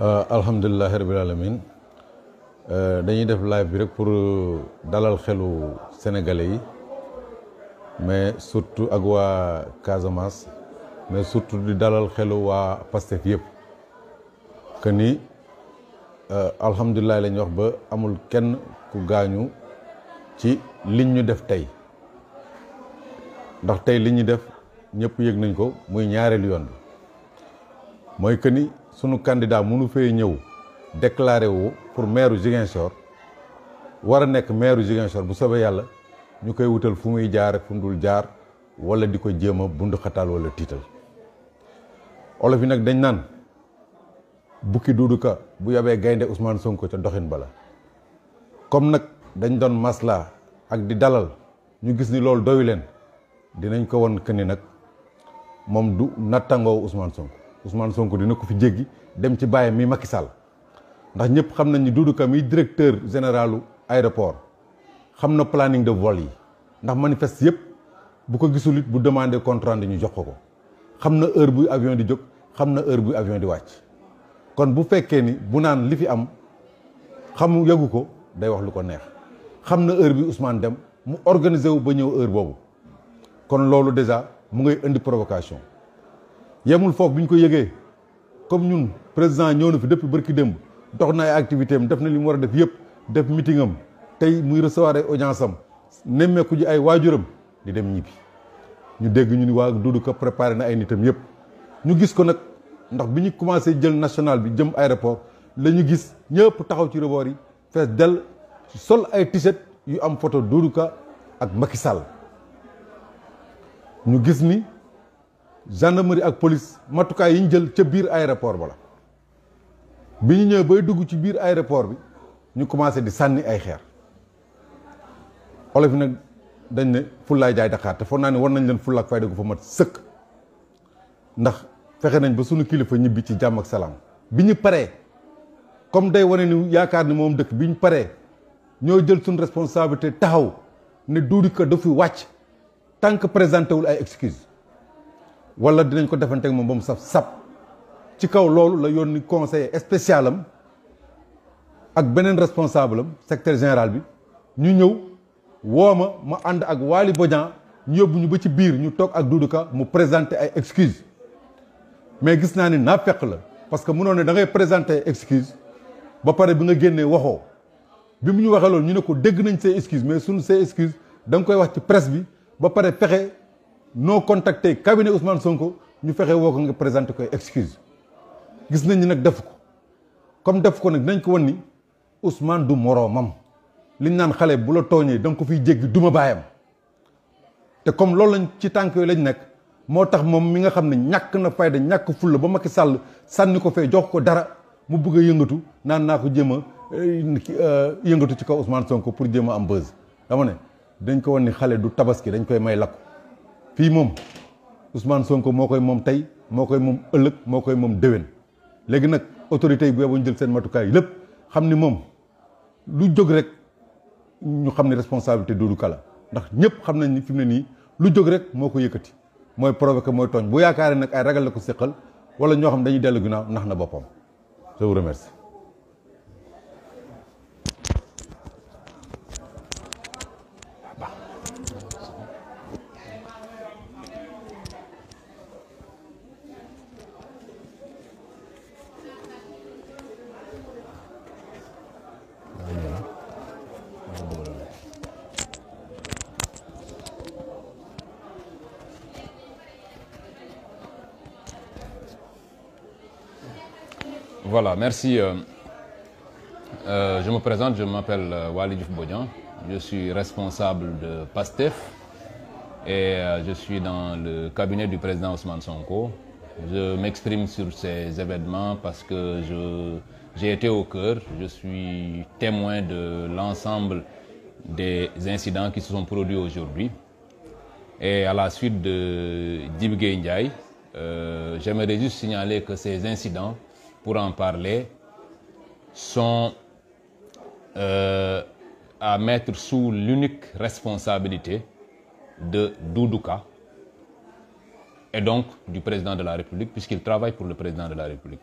Euh, alhamdulilah rabil alamin euh, dañuy def live bi rek pour euh, dalal xelu sénégalais yi mais surtout ak waa Casamance mais surtout di dalal xelu waa Pastef yëpp que ni alhamdulilah la ñu wax ba amul kenn ku gaañu ci liñ ñu def tey ndax tey li ñu def ñëpp yëg nañ ko muy ñaareelu yoon bi mooy que sunu candidat mënu fee ñëw déclaré wu pour maire Ziguinchor war a nekk maire Ziguinchor bu soobee yàlla ñu koy wutal fu muy jaar fu mu dul jaar wala di ko jéem a bund xataal wala tiital olof yi nag dañ naan bukki duudu ka bu yabee gaynde Ousmane Sonko ca doxin bala comme nag dañ doon maslaa ak di dalal ñu gis ni loolu doyu leen dinañ ko won que nag moom du nattangoo usmaan Sonko Ousmane Sonko dina ko fi jéggi dem ci bàyyam mi Macky Sall ndax ñëpp xam nañ ni Doudou Ka mi directeur généralu aéroport xam na planning de vol yi ndax manifeste yëpp bu ko gisul it bu demandé compte rendu ñu jox ko ko xam na heure buy avion di jóg xam na heure buy avion di wàcc kon bu fekkee ni bu naan li fi am xam yëgu ko day wax lu ko neex xam na heure bi Ousmane dem mu organiser wu ba ñëw heure boobu kon loolu déjà mu ngay indi provocation yemul foofu bi ñu ko yëgee comme ñun président ñëw na fi depuis bërki démb dox na ay activité am def na li mu war a def yëpp def meeting am tey muy recevoir ay audience am nemmeeku ji ay waajuram di dem ñibbi ñu dégg ñu ni waa Doudou Ka préparé na ay nitam yëpp ñu gis ko nag ndax bi ñu commencé jël national bi jëm aéroport la ñu gis ñëpp taxaw ci rebord yi fees del sol ay t-shirt yu am photo Doudou ak Macky Sall ñu gis ni gendarmerie ak police matukaay yi ñu jël ca biir aéroport ba la bi ñu ñëwee bay dugg ci biir aéroport bi ñu commencé di sànni ay xeer olof yi nag dañ ne fullaay jaay daqaar te foog naa ne war nañ leen fullaak fayda gu fa mat sëkk ndax fexe nañ ba sunu kilifa ñibbi ci jàmm ak salaam bi ñu paree comme day wane ni yaakaar ni moom dëkk bi ñu paree ñoo jël suñu responsabilité taxaw ne Doudou Ka dafa wàcc tant que présenté wul ay excuse wala dinañ ko defante ak moom ba mu saf sap ci kaw loolu la yónni conseiller spécial ak beneen responsable am secrétaire général bi ñu ñëw woo ma ma ànd ak Waly Bodian ñu yóbbu ñu ba ci biir ñu toog ak Doudou mu présenter ay excuses mais gis naa ni naa fekk la parce que mënoon ne da ngay présenter excuse ba pare bi nga génnee waxoo bi mu ñu waxee loolu ñu ne ko dégg nañ say excuse mais suñu say excuse da nga koy wax ci presse bi ba pare fexe noo contacté cabinet Ousmane Sonko ñu fexe woo ko nga présenté koy excuse gis nañ ni nag def ko comme def ko nag dinañ ko wan ni Ousmane du moroomam liñ naan xale bu la tooñee da nga ko fiy jéggi duma baayam te comme loolu lañ ci tànk yooyu lañ nekk moo tax moom mi nga xam ne ñàkk na fayda ñàkk fulla ba Macky Sall sànni ko fee jox ko dara mu bëgg a yëngatu naan naa ko jéem a eh, yëngatu ci kaw Ousmane Sonko pour jéem a am buzz dama ne dañ ko wan ni xale du tabaski dañ koy may lakk. fii moom Ousmane Sonko moo koy moom tey moo koy moom ëllëg moo koy moom déwén léegi nag autorité yi bu ñu jël seen matukaay lépp xam ni moom lu jóg rek ñu xam ne responsabilité Doudou Kala ndax ñëpp xam nañ ni fi mu ne nii lu jóg rek moo ko yëkkati mooy provoqué mooy tooñ bu yaakaaree nag ay ragal la ko séqal wala ñoo xam dañuy dellu ginnaaw nax na boppam je vous remercie Voilà, merci. Euh, euh, je me présente, je m'appelle euh, Wali Diouf Bodian. Je suis responsable de PASTEF et euh, je suis dans le cabinet du président Ousmane Sonko. Je m'exprime sur ces événements parce que j'ai été au cœur, je suis témoin de l'ensemble des incidents qui se sont produits aujourd'hui. Et à la suite de Djibgé Ndiaye, euh, j'aimerais juste signaler que ces incidents pour en parler son euh, à mettre sous l'unique responsabilité de Doudouka et donc du président de la République, puisqu'il travaille pour le président de la République.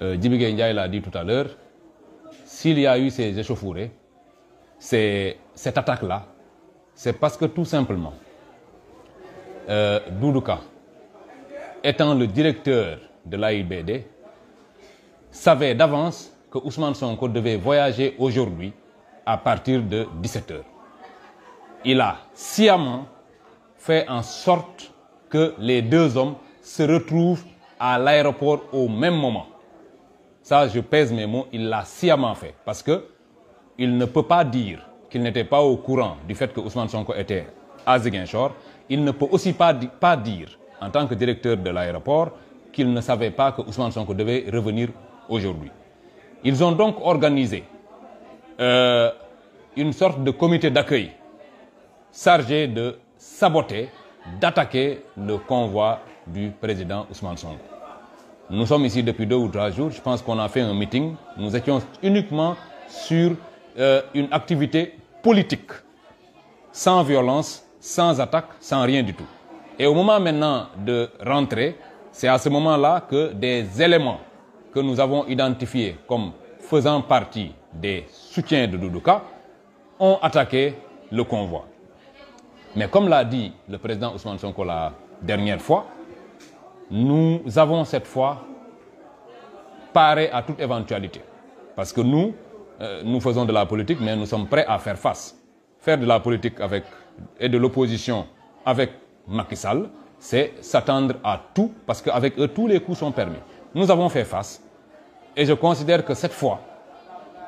Euh, Ndiaye l'a dit tout à l'heure, s'il y a eu ces échauffourées, ces, cette attaque-là, c'est parce que tout simplement, euh, Doudouka, étant le directeur de l'AIBD, savait d'avance que Ousmane Sonko devait voyager aujourd'hui à partir de 17 heures. Il a sciemment fait en sorte que les deux hommes se retrouvent à l'aéroport au même moment. Ça, je pèse mes mots, il l'a sciemment fait parce que il ne peut pas dire qu'il n'était pas au courant du fait que Ousmane Sonko était à Ziguinchor. Il ne peut aussi pas, pas dire, en tant que directeur de l'aéroport, qu'il ne savait pas que Ousmane Sonko devait revenir aujourd'hui. Ils ont donc organisé euh, une sorte de comité d'accueil chargé de saboter, d'attaquer le convoi du président Ousmane Sonko. Nous sommes ici depuis deux ou trois jours. Je pense qu'on a fait un meeting. Nous étions uniquement sur euh, une activité politique, sans violence, sans attaque, sans rien du tout. Et au moment maintenant de rentrer, c'est à ce moment-là que des éléments que nous avons identifiés comme faisant partie des soutiens de Doudouka ont attaqué le convoi. Mais comme l'a dit le président Ousmane Sonko la dernière fois, nous avons cette fois paré à toute éventualité. Parce que nous, euh, nous faisons de la politique, mais nous sommes prêts à faire face. Faire de la politique avec, et de l'opposition avec Macky Sall, c'est s'attendre à tout, parce qu'avec eux, tous les coups sont permis. nous avons fait face. Et je considère que cette fois,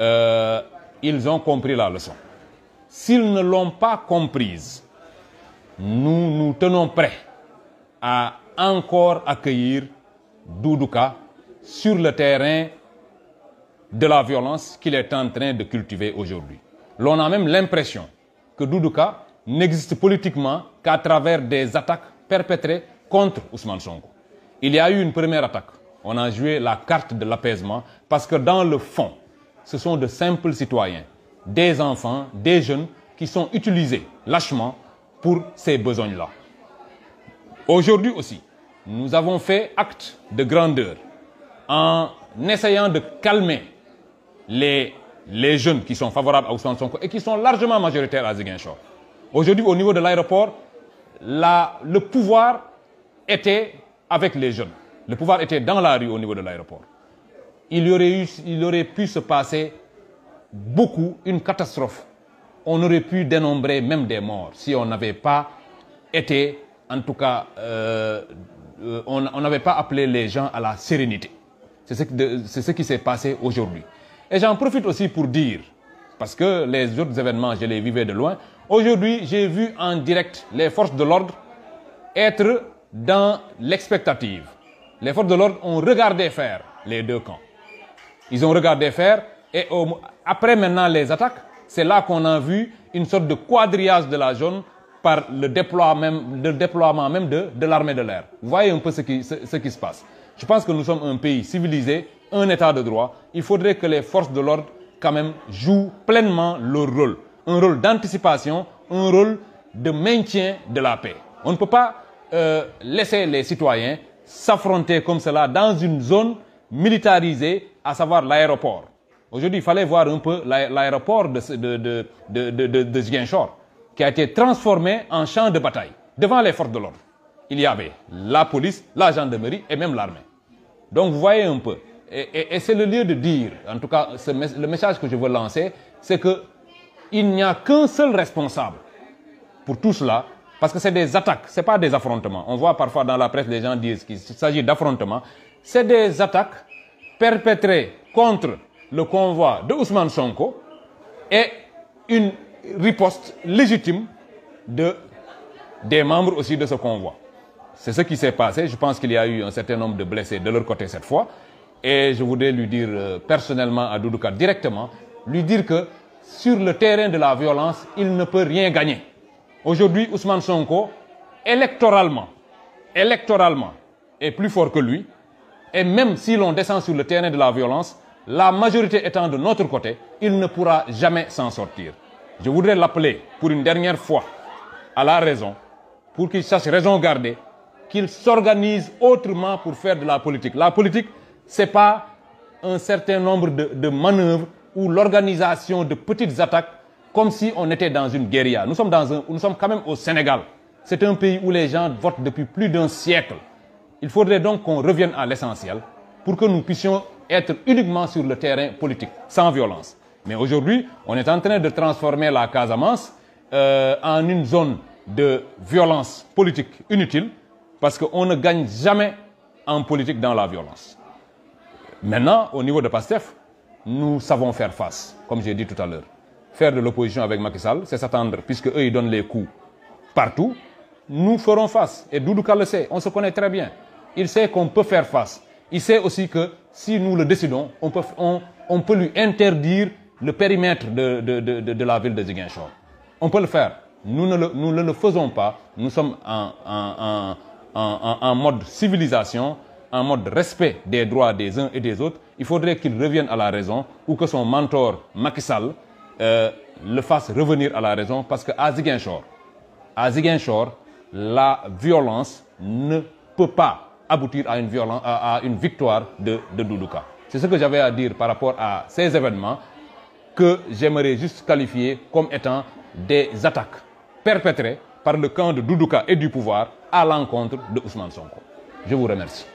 euh, ils ont compris la leson S'ils ne l'ont pas comprise, nous nous tenons prêts à encore accueillir Doudouka sur le terrain de la violence qu'il est en train de cultiver aujourd'hui. L'on a même l'impression que Doudouka n'existe politiquement qu'à travers des attaques perpétrées contre Ousmane Sonko. Il y a eu une première attaque on a joué la carte de l'apaisement parce que dans le fond, ce sont de simples citoyens, des enfants, des jeunes qui sont utilisés lâchement pour ces besognes-là. Aujourd'hui aussi, nous avons fait acte de grandeur en essayant de calmer les, les jeunes qui sont favorables à Ousmane Sonko et qui sont largement majoritaires à Ziguinchor. Aujourd'hui, au niveau de l'aéroport, la, le pouvoir était avec les jeunes. Le pouvoir était dans la rue au niveau de l'aéroport. Il, y aurait eu, il aurait pu se passer beaucoup, une catastrophe. On aurait pu dénombrer même des morts si on n'avait pas été, en tout cas, euh, euh, on n'avait pas appelé les gens à la sérénité. C'est ce, ce, qui s'est passé aujourd'hui. Et j'en profite aussi pour dire, parce que les autres événements, je les vivais de loin, aujourd'hui, j'ai vu en direct les forces de l'ordre être dans l'expectative. les forces de l'ordre ont regardé faire les deux camps. Ils ont regardé faire et au, après maintenant les attaques, c'est là qu'on a vu une sorte de quadrillage de la zone par le déploiement même, le déploiement même de, de l'armée de l'air. Vous voyez un peu ce qui, se passe. Je pense que nous sommes un pays civilisé, un état de droit. Il faudrait que les forces de l'ordre quand même jouent pleinement leur rôle. Un rôle d'anticipation, un rôle de maintien de la paix. On ne peut pas euh, laisser les citoyens s'affronter comme cela dans une zone militarisée, à savoir l'aéroport. Aujourd'hui, il fallait voir un peu l'aéroport de, de, de, de, de Ziguinchor, qui a été transformé en champ de bataille devant les forces de l'ordre. Il y avait la police, la gendarmerie et même l'armée. Donc vous voyez un peu. Et, et, c'est le lieu de dire, en tout cas ce, le message que je veux lancer, c'est que n'y a qu'un seul responsable pour tout cela, Parce que c'est des attaques, ce n'est pas des affrontements. On voit parfois dans la presse, les gens disent qu'il s'agit d'affrontements. C'est des attaques perpétrées contre le convoi de Ousmane Sonko et une riposte légitime de, des membres aussi de ce convoi. C'est ce qui s'est passé. Je pense qu'il y a eu un certain nombre de blessés de leur côté cette fois. Et je voudrais lui dire euh, personnellement à Doudouka directement, lui dire que sur le terrain de la violence, il ne peut rien Aujourd'hui, Ousmane Sonko, électoralement, électoralement, est plus fort que lui. Et même si l'on descend sur le terrain de la violence, la majorité étant de notre côté, il ne pourra jamais s'en sortir. Je voudrais l'appeler pour une dernière fois à la raison, pour qu'il sache raison garder, qu'il s'organise autrement pour faire de la politique. La politique, ce n'est pas un certain nombre de, de manœuvres ou l'organisation de petites attaques comme si on était dans une guérilla. Nous sommes, dans un, nous sommes quand même au Sénégal. C'est un pays où les gens votent depuis plus d'un siècle. Il faudrait donc qu'on revienne à l'essentiel pour que nous puissions être uniquement sur le terrain politique, sans violence. Mais aujourd'hui, on est en train de transformer la Casamance euh, en une zone de violence politique inutile parce qu'on ne gagne jamais en politique dans la violence. Maintenant, au niveau de PASTEF, nous savons faire faire de l'opposition avec Macky Sall, c'est s'attendre, puisque eux, ils donnent les coups partout. Nous ferons face. Et Doudouka le sait, on se connaît très bien. Il sait qu'on peut faire face. Il sait aussi que si nous le décidons, on peut, on, on lui interdire le périmètre de, de, de, de la ville de Ziguinchor. On peut le faire. Nous ne le, nous pas. Nous sommes en, en, en, en mode civilisation, en mode respect des droits des uns et des autres. Il faudrait qu'il revienne à la raison ou que son mentor Macky Euh, le fasse revenir à la raison parce que à Ziguinchor, à Ziguinchor, la violence ne peut pas aboutir à une, à, une victoire de, de Doudouka. C'est ce que j'avais à dire par rapport à ces événements que j'aimerais juste qualifier comme étant des attaques perpétrées par le camp de Doudouka et du pouvoir à l'encontre de Ousmane Sonko. Je vous remercie.